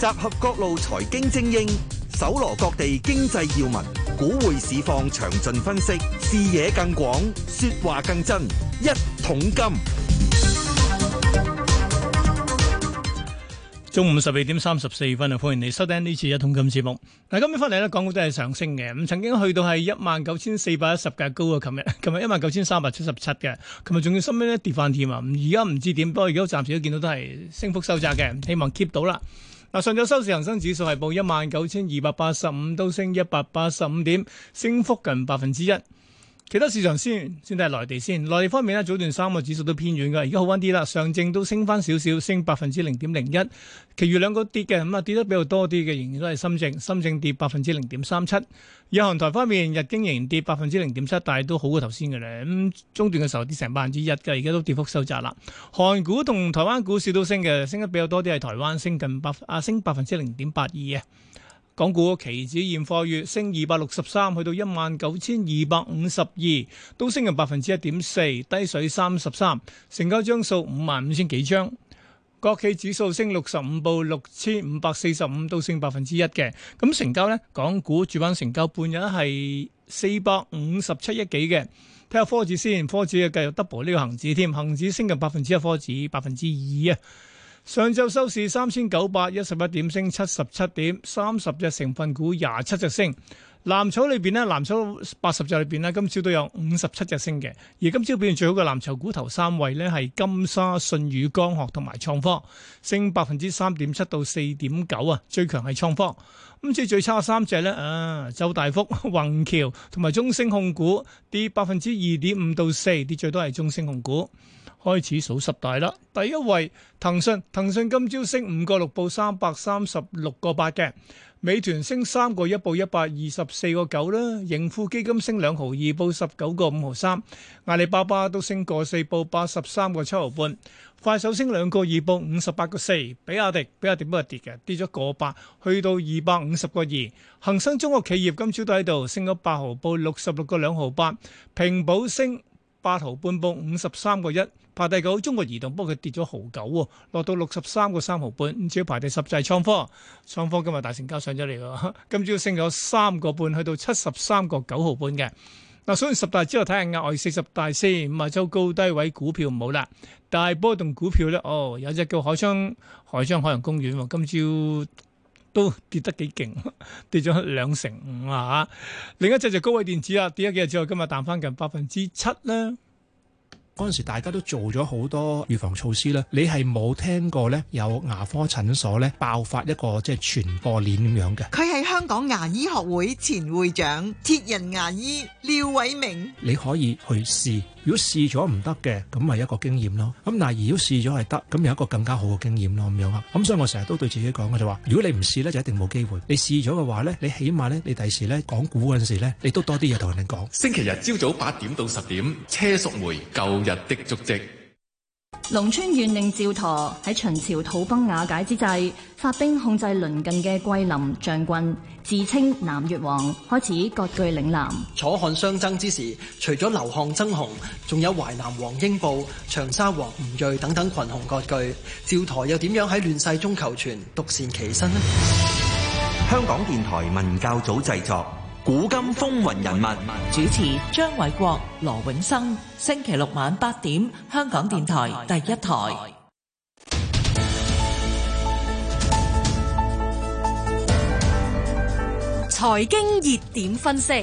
集合各路財經精英，搜羅各地經濟要聞，股匯市況詳盡分析，視野更廣，說話更真。一桶金，中午十二點三十四分啊！歡迎你收聽呢次一桶金節目。嗱，今日翻嚟咧，港股都係上升嘅。咁曾經去到係一萬九千四百一十嘅高啊，琴日琴日一萬九千三百七十七嘅。琴日仲要收尾咧跌翻添啊。而家唔知點，不過而家暫時都見到都係升幅收窄嘅，希望 keep 到啦。上晝收市，恒生指數係報一萬九千二百八十五，都升一百八十五點，升幅近百分之一。其他市場先，先睇內地先。內地方面呢，早段三個指數都偏軟㗎，而家好翻啲啦。上證都升返少少，升百分之零點零一。其餘兩個跌嘅，咁、嗯、啊跌得比較多啲嘅，仍然都係深證。深證跌百分之零點三七。有韓台方面，日經仍跌百分之零點七，但係都好過頭先嘅咧。咁中段嘅時候跌成百分之一嘅，而家都跌幅收窄啦。韓股同台灣股市都升嘅，升得比較多啲係台灣，升近百啊，升百分之零點八二啊。港股期指現貨月升二百六十三，去到一萬九千二百五十二，都升近百分之一點四，低水三十三，成交張數五萬五千幾張。國企指數升六十五，報六千五百四十五，都升百分之一嘅。咁成交呢，港股主板成交半日係四百五十七億幾嘅。睇下科指先，科指啊，繼續 double 呢個恒指添，恒指升近百分之一，科指百分之二啊。上晝收市三千九百一十一點，升七十七點，三十隻成分股廿七隻升。藍籌裏邊呢，藍籌八十隻裏邊呢，今朝都有五十七隻升嘅。而今朝表現最好嘅藍籌股頭三位呢，係金沙、信宇光學同埋創科，升百分之三點七到四點九啊，最強係創科。咁至係最差三隻呢，啊，周大福、宏橋同埋中升控股跌百分之二點五到四，跌最多係中升控股。開始數十大啦，第一位騰訊，騰訊今朝升五個六報三百三十六個八嘅，美團升三個一報一百二十四個九啦，盈富基金升兩毫二報十九個五毫三，阿里巴巴都升個四報八十三個七毫半，快手升兩個二報五十八個四，比亞迪比亞迪都係跌嘅，跌咗個八去到二百五十個二，恒生中國企業今朝都喺度升咗八毫報六十六個兩毫八，平保升。八毫半步五十三個一，排第九，中國移動幫佢跌咗毫九喎，落到六十三個三毫半，今朝排第十就係創科，創科今日大成交上咗嚟喎，今朝升咗三個半，去到七十三個九毫半嘅。嗱，所以十大之後睇下額外四十大先，五日周高低位股票唔好啦，大波動股票咧，哦，有隻叫海昌海昌海洋公園喎，今朝。都跌得幾勁，跌咗兩成五啊。另一隻就高位電子啊，跌咗幾日之後，今日彈翻近百分之七啦。嗰陣時大家都做咗好多預防措施啦，你係冇聽過呢？有牙科診所呢，爆發一個即係傳播鏈咁樣嘅。佢係香港牙醫學會前會長、鐵人牙醫廖偉明。你可以去試。如果試咗唔得嘅，咁咪一個經驗咯。咁但，如果試咗係得，咁有一個更加好嘅經驗咯咁樣啊。咁所以我成日都對自己講嘅就話：如果你唔試咧，就一定冇機會。你試咗嘅話咧，你起碼咧，你第時咧講股嗰陣時咧，你都多啲嘢同人哋講。星期日朝早八點到十點，車淑梅舊日的足跡。龍川縣令趙佗喺秦朝土崩瓦解之際，發兵控制鄰近嘅桂林、象郡，自稱南越王，開始割據嶺南。楚漢相爭之時，除咗劉項爭雄，仲有淮南王英布、長沙王吳芮等等群雄割據。趙佗又點樣喺亂世中求存、獨善其身呢？香港電台文教組製作。古今風雲人物，主持張偉國、羅永生，星期六晚八點，香港電台第一台。財經熱點分析。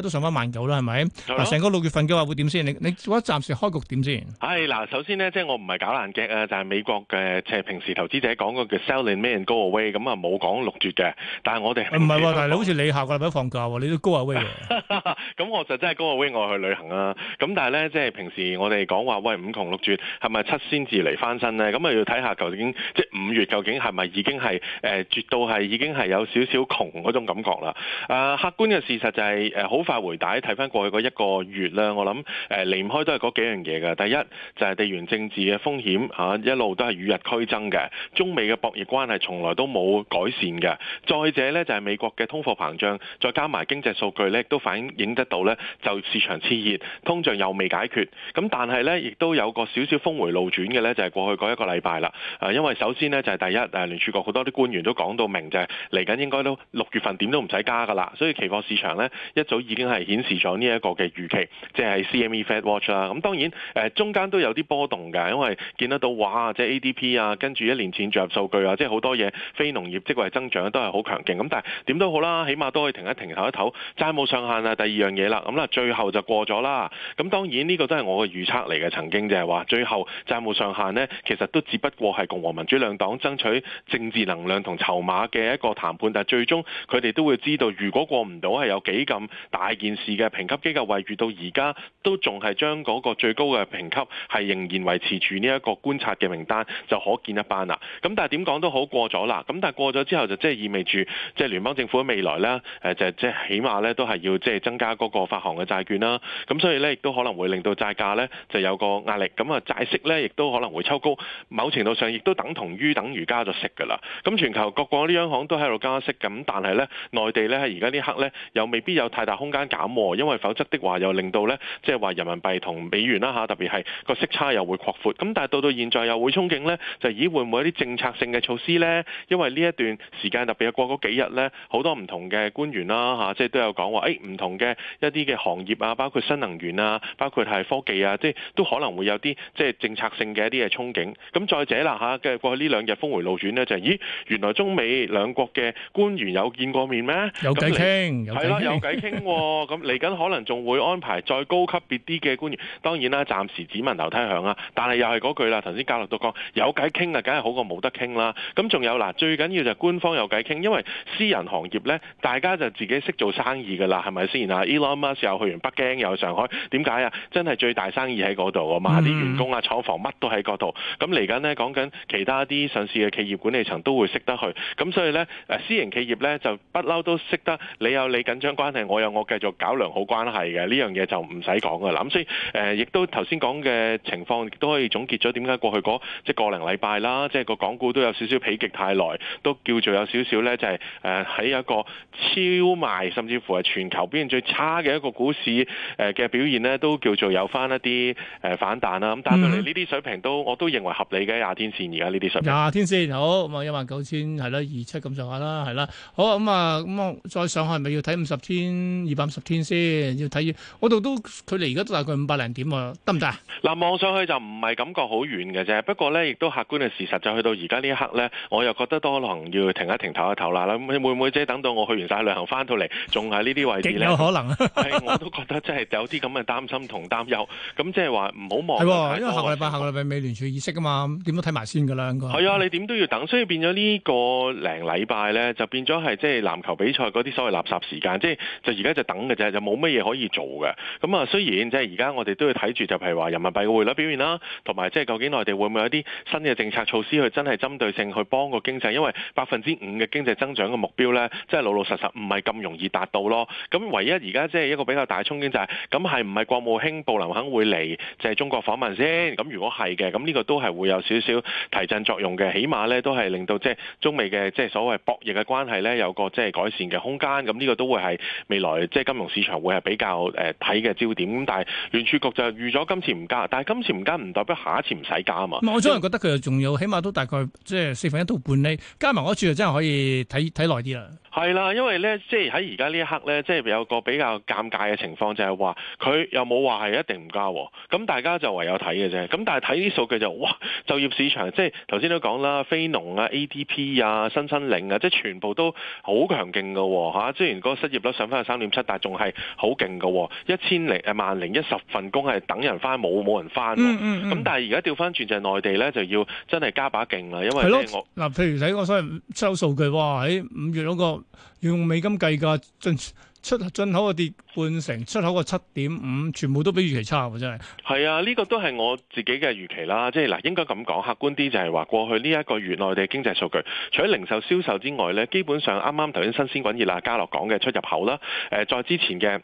都上翻萬九啦，係咪？嗱，成個六月份嘅話會點先？你你覺得暫時開局點先？唉，嗱，首先咧，即係我唔係搞爛 gag 啊，就係美國嘅，即係平時投資者講嗰個 sell in May and go away 咁啊，冇講六絕嘅，但係我哋唔係喎，但係你好似你下個禮拜放假喎，你都 go away。咁我就真係 go away，我去旅行啦。咁但係咧，即係平時我哋講話喂五窮六絕係咪七先至嚟翻身咧？咁啊要睇下究竟即係五月究竟係咪已經係誒絕到係已經係有少少窮嗰種感覺啦？啊，客觀嘅事實就係誒好快。發回帶睇翻過去嗰一個月啦，我諗誒離唔開都係嗰幾樣嘢嘅。第一就係地緣政治嘅風險吓一路都係與日俱增嘅，中美嘅博弈關係從來都冇改善嘅。再者咧就係美國嘅通貨膨脹，再加埋經濟數據咧，都反映得到咧，就市場熾熱通脹又未解決，咁但係咧亦都有個少少峰回路轉嘅咧，就係過去嗰一個禮拜啦。啊，因為首先咧就係第一誒聯儲局好多啲官員都講到明就係嚟緊應該都六月份點都唔使加㗎啦。所以期貨市場咧一早已經。已經係顯示咗呢一個嘅預期，即係 CME Fed Watch 啦。咁當然誒，中間都有啲波動㗎，因為見得到哇，即係 ADP 啊，跟住一年前進入數據啊，即係好多嘢非農業職位增長都係好強勁。咁但係點都好啦，起碼都可以停一停、唞一唞。債務上限啊，第二樣嘢啦。咁啦，最後就過咗啦。咁當然呢個都係我嘅預測嚟嘅，曾經就係話最後債務上限呢，其實都只不過係共和民主兩黨爭取政治能量同籌碼嘅一個談判。但係最終佢哋都會知道，如果過唔到係有幾咁大。大件事嘅評級機構惠譽到而家都仲係將嗰個最高嘅評級係仍然維持住呢一個觀察嘅名單，就可見一斑啦。咁但係點講都好過咗啦。咁但係過咗之後就即係意味住，即係聯邦政府嘅未來咧誒，就即係起碼咧都係要即係增加嗰個發行嘅債券啦。咁所以咧亦都可能會令到債價咧就有個壓力。咁啊債息咧亦都可能會抽高。某程度上亦都等同於等於加咗息噶啦。咁全球各國呢央行都喺度加息，咁但係咧內地咧喺而家呢刻咧又未必有太大空間。減，因為否則的話又令到咧，即係話人民幣同美元啦吓，特別係個息差又會擴闊。咁但係到到現在又會憧憬咧，就係咦會唔會有啲政策性嘅措施咧？因為呢一段時間特別係過嗰幾日咧，好多唔同嘅官員啦吓，即係都有講話，誒唔同嘅一啲嘅行業啊，包括新能源啊，包括係科技啊，即係都可能會有啲即係政策性嘅一啲嘅憧憬。咁再者啦吓，跟住過去呢兩日峰回路轉咧，就係咦原來中美兩國嘅官員有見過面咩？有偈傾，係啦，有偈傾。哦，咁嚟緊可能仲會安排再高級別啲嘅官員，當然啦，暫時只聞樓梯響啊！但係又係嗰句啦，頭先駕駛都講有偈傾啊，梗係好過冇得傾啦。咁仲有嗱，最緊要就係官方有偈傾，因為私人行業呢，大家就自己識做生意㗎啦，係咪先啊？Elon Musk 又去完北京，又去上海，點解啊？真係最大生意喺嗰度啊嘛！啲員工啊、廠房乜都喺嗰度。咁嚟緊呢，講緊其他啲上市嘅企業管理層都會識得去，咁所以呢，私營企業呢，就不嬲都識得，你有你緊張關係，我有我計。就搞良好關係嘅呢樣嘢就唔使講㗎啦，咁所以誒亦、呃、都頭先講嘅情況都可以總結咗，點解過去嗰即係個零禮拜啦，即係個港股都有少少疲極太耐，都叫做有少少咧，就係誒喺一個超賣，甚至乎係全球表現最差嘅一個股市誒嘅表現呢，都叫做有翻一啲誒反彈啦。咁但係嚟呢啲水平都我都認為合理嘅廿天，天線，而家呢啲水平廿天線好咁啊，一萬九千係啦，二七咁上下啦，係啦，好咁啊，咁再上去咪要睇五十天二百。十天先要睇，我度都距離而家都大概五百零點啊，得唔得啊？嗱，望上去就唔係感覺好遠嘅啫。不過咧，亦都客觀嘅事實就去到而家呢一刻咧，我又覺得多可能要停一停唞一唞啦。你會唔會即係等到我去完晒旅行翻到嚟，仲喺呢啲位置咧？極有可能， 我都覺得即係有啲咁嘅擔心同擔憂。咁即係話唔好望，因為下個禮拜下個禮拜、下禮拜美聯儲議息啊嘛，點都睇埋先㗎啦，應該係啊。嗯，你點都要等，所以變咗呢個零禮拜咧，就變咗係即係籃球比賽嗰啲所謂垃圾時間，即係就而家就。等嘅啫，就冇乜嘢可以做嘅。咁啊，雖然即係而家我哋都要睇住，就譬如話人民幣嘅匯率表現啦，同埋即係究竟內地會唔會有啲新嘅政策措施去真係針對性去幫個經濟，因為百分之五嘅經濟增長嘅目標咧，即係老老實實唔係咁容易達到咯。咁唯一而家即係一個比較大嘅衝擊就係、是，咁係唔係國務卿布林肯會嚟就係中國訪問先？咁如果係嘅，咁呢個都係會有少少提振作用嘅，起碼咧都係令到即係中美嘅即係所謂博弈嘅關係咧有個即係改善嘅空間，咁呢個都會係未來。即金融市場會係比較誒睇嘅焦點，咁但係聯儲局就係預咗今次唔加，但係今次唔加唔代表下一次唔使加啊嘛。嗯、我真係覺得佢仲有，起碼都大概即係、呃、四分一到半呢，加埋嗰注就真係可以睇睇耐啲啦。係啦、啊，因為咧即係喺而家呢一刻咧，即係有一個比較尷尬嘅情況就係話佢又冇話係一定唔加，咁、嗯、大家就唯有睇嘅啫。咁但係睇啲數據就哇，就業市場即係頭先都講啦，非農啊、ADP 啊、新申領啊，即係全部都好強勁㗎吓。之前嗰個失業率上翻去三點七。仲係好勁噶，一千零誒萬零一十份工係等人翻，冇冇人翻。咁、嗯嗯嗯嗯、但係而家調翻轉就係內地咧，就要真係加把勁啦。因為嗱、啊，譬如你睇我收數據，哇！喺、哎、五月嗰、那個、要用美金計㗎出進口個跌半成，出口個七點五，全部都比預期差喎，真係。係啊，呢、這個都係我自己嘅預期啦。即係嗱，應該咁講，客觀啲就係話，過去呢一個月內地經濟數據，除咗零售銷售之外呢，基本上啱啱頭先新鮮滾熱辣嘉樂講嘅出入口啦，誒、呃，在之前嘅。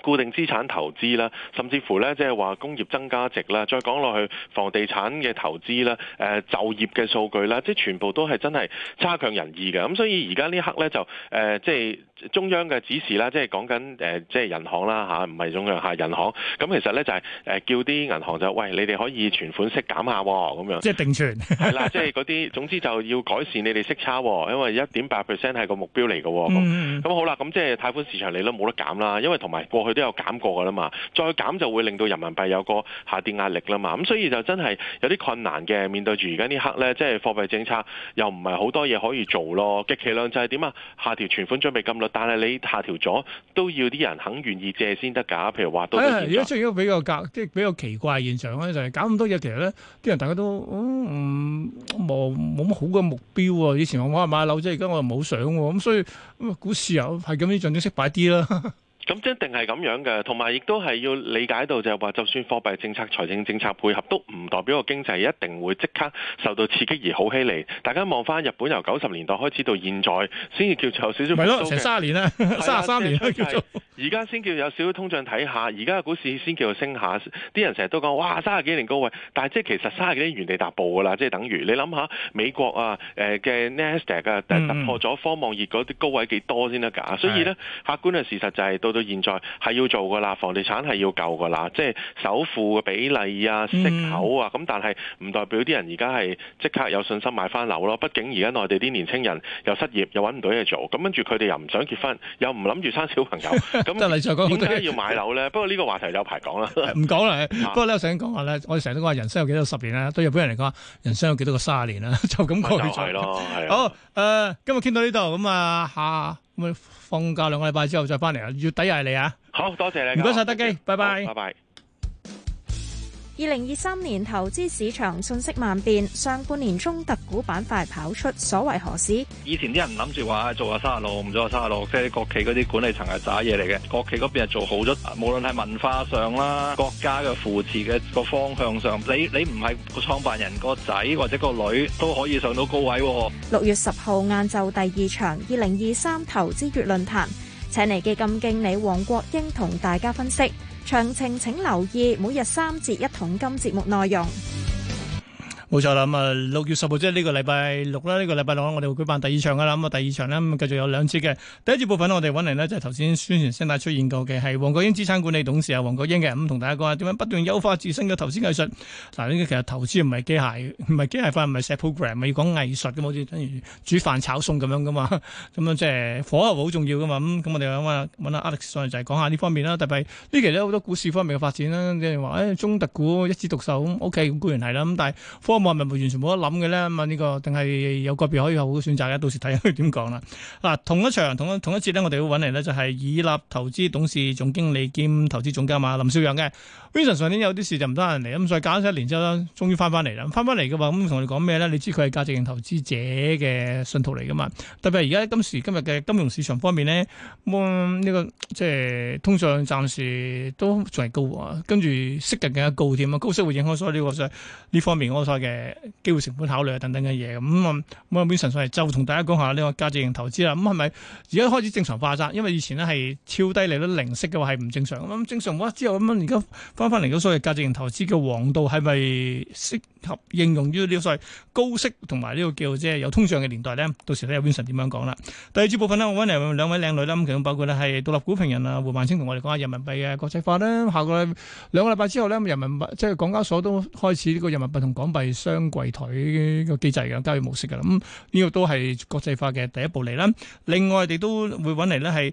固定資產投資啦，甚至乎咧即係話工業增加值啦，再講落去房地產嘅投資啦，誒、呃、就業嘅數據啦，即、就、係、是、全部都係真係差強人意嘅。咁所以而家呢刻咧就誒即係中央嘅指示啦，即係講緊誒即係銀行啦吓唔係中央吓銀、啊、行。咁、啊、其實咧就係誒叫啲銀行就喂，你哋可以存款息減下咁樣，即係定存係啦，即係嗰啲總之就要改善你哋息差，因為一點八 percent 係個目標嚟嘅。咁咁、嗯、好啦，咁即係貸款市場你都冇得減啦，因為同埋過去。有啲有減過噶啦嘛，再減就會令到人民幣有個下跌壓力啦嘛，咁所以就真係有啲困難嘅，面對住而家呢刻咧，即係貨幣政策又唔係好多嘢可以做咯，極其量就係點啊，下調存款準備金率，但係你下調咗都要啲人肯願意借先得㗎，譬如話、哎。誒，而家出現一個比較格，即係比較奇怪嘅現象咧，就係、是、搞咁多嘢，其實咧，啲人大家都嗯冇冇乜好嘅目標喎，以前我話買樓啫，而家我又冇想喎，咁所以股市又係咁樣盡咗識擺啲啦。 咁即一定係咁樣嘅，同埋亦都係要理解到就係話，就算貨幣政策、財政政策配合，都唔代表個經濟一定會即刻受到刺激而好起嚟。大家望翻日本由九十年代開始到現在，先至叫，叫，叫，叫有少少。係咯，成卅年啦，卅三年。而家先叫有少少通脹睇下，睇下而家嘅股市先叫升下。啲人成日都講哇，卅幾年高位，但係即係其實卅幾年原地踏步㗎啦，即係等於你諗下美國啊，誒嘅 NASDAQ 突破咗科網熱嗰啲高位幾多先得㗎？所以呢，客觀嘅事實就係到到。現在係要做噶啦，房地產係要救噶啦，即係首付嘅比例啊、息口啊，咁、嗯、但係唔代表啲人而家係即刻有信心買翻樓咯。畢竟而家內地啲年青人又失業，又搵唔到嘢做，咁跟住佢哋又唔想結婚，又唔諗住生小朋友，咁點解要買樓咧。？ 不過呢個話題有排講啦，唔講啦。不過咧，我想講下咧，我哋成日都講話人生有幾多十年啦，對日本人嚟講，人生有幾多個卅年啦，就咁過去做。咯、就是，係。好，誒、呃，今日傾到呢度，咁、嗯、啊，下。放假兩個禮拜之後再翻嚟啊！月底又係你啊！好多謝，謝你，唔該晒，德幾，拜拜。二零二三年投資市場瞬息萬變，上半年中特股板塊跑出，所為何事？以前啲人諗住話做下三亞路，唔做下三亞路，即係國企嗰啲管理層係渣嘢嚟嘅。國企嗰邊係做好咗，無論係文化上啦、國家嘅扶持嘅個方向上，你你唔係個創辦人個仔或者個女都可以上到高位。六月十號晏晝第二場二零二三投資月論壇，請嚟基金經理黃國英同大家分析。詳情請留意每日三折一桶金節目內容。冇錯啦，咁啊六月十號即係呢個禮拜六啦，呢、這個禮拜六我哋會舉辦第二場噶啦，咁啊第二場呢，咁繼續有兩節嘅第一節部分我哋揾嚟呢，就係頭先宣傳先啦，出現過嘅係黃國英資產管理董事啊，黃國英嘅，咁同大家講下點樣不斷優化自身嘅投資技術。嗱，呢其實投資唔係機械，唔係機械化，唔係寫 program，係講藝術嘅，好似等於煮飯炒餸咁樣噶嘛，咁樣即係火候好重要噶嘛。咁、嗯、咁我哋揾啊 Alex 上嚟就係講下呢方面啦。特別呢期咧好多股市方面嘅發展啦，即係話誒中特股一枝獨秀 o k 固然係啦，咁但係咁、嗯、啊，咪完全冇得諗嘅咧。咁啊，呢個定係有個別可以有好嘅選擇嘅。到時睇下佢點講啦。嗱，同一場，同一同一節咧，我哋要揾嚟咧，就係以立投資董事總經理兼投資總監啊，林少陽嘅。Vincent 上年有啲事就唔得人嚟，咁再隔咗一年之後咧，終於翻翻嚟啦。翻翻嚟嘅話，咁同我哋講咩咧？你知佢係價值型投資者嘅信徒嚟噶嘛？特別係而家今時今日嘅金融市場方面咧，呢、嗯這個即係通脹暫時都仲係高、啊、跟住息更加高添啊，高息會影響所有呢個呢方面我嘅。誒，機會成本考慮啊，等等嘅嘢咁啊，咁、嗯、啊，基本上係就同大家講下呢個價值型投資啦。咁係咪而家開始正常化曬？因為以前咧係超低利率、零息嘅話係唔正常。咁、嗯、正常話之後咁樣，而家翻翻嚟都所謂價值型投資嘅王道係咪適是及應用於呢個所謂高息同埋呢個叫即係有通脹嘅年代咧，到時睇下 Vincent 點樣講啦？第二節部分咧，我揾嚟兩位靚女啦，咁其中包括咧係獨立股評人啊胡萬清同我哋講下，人民幣嘅國際化咧，下個禮兩個禮拜之後咧，人民幣即係港交所都開始呢個人民幣同港幣雙櫃台嘅機制嘅交易模式㗎啦，咁呢個都係國際化嘅第一步嚟啦。另外，我哋都會揾嚟咧係。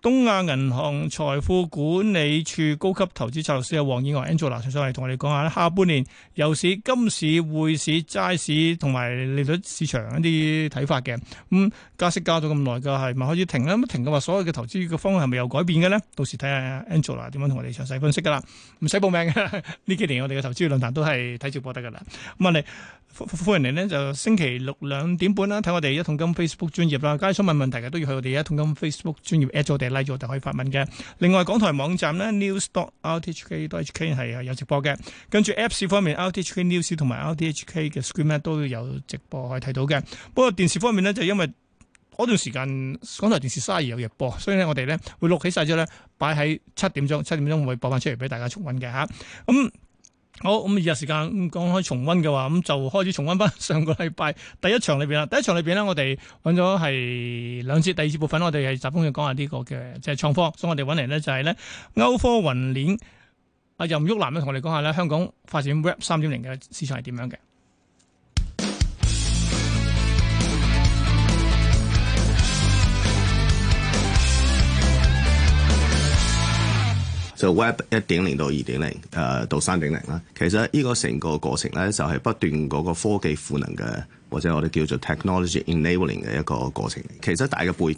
東亞銀行財富管理處高級投資策略師黃燕華 Angela 上上嚟同我哋講下下半年油市、金市、匯市、債市同埋利率市場一啲睇法嘅，咁、嗯、加息加咗咁耐嘅係咪開始停啦？咁停嘅話，所有嘅投資嘅方向係咪有改變嘅咧？到時睇下 Angela 點樣同我哋詳細分析噶啦，唔使報名嘅，呢幾年我哋嘅投資論壇都係睇直播得噶啦。咁啊你。歡迎你咧，就星期六兩點半啦，睇我哋一桶金 Facebook 專業啦。假如想問問題嘅，都要去我哋一桶金 Facebook 專業 at 我哋，拉咗我哋可以發問嘅。另外，港台網站咧 news.rthk.hk 係有直播嘅。跟住 Apps 方面，rthk.news 同埋 rthk 嘅 screen 都有直播可以睇到嘅。不過電視方面咧，就是、因為嗰段時間港台電視三十二有日播，所以咧我哋咧會錄起晒咗咧，擺喺七點鐘七點鐘會播翻出嚟俾大家重温嘅吓咁。嗯好，咁二日時間講開重温嘅話，咁就開始重温翻上個禮拜第一場裏邊啦。第一場裏邊咧，我哋揾咗係兩節，第二節部分我哋係集中去講下呢個嘅，即係創科。所以我哋揾嚟咧就係咧，歐科雲鏈阿任煜男咧同我哋講下咧，香港發展 Web 三點零嘅市場係點樣嘅。就、so、Web 一點零到二點零，誒到三點零啦。其實呢個成個過程咧，就係不斷嗰個科技賦能嘅，或者我哋叫做 technology enabling 嘅一個過程。其實大嘅背。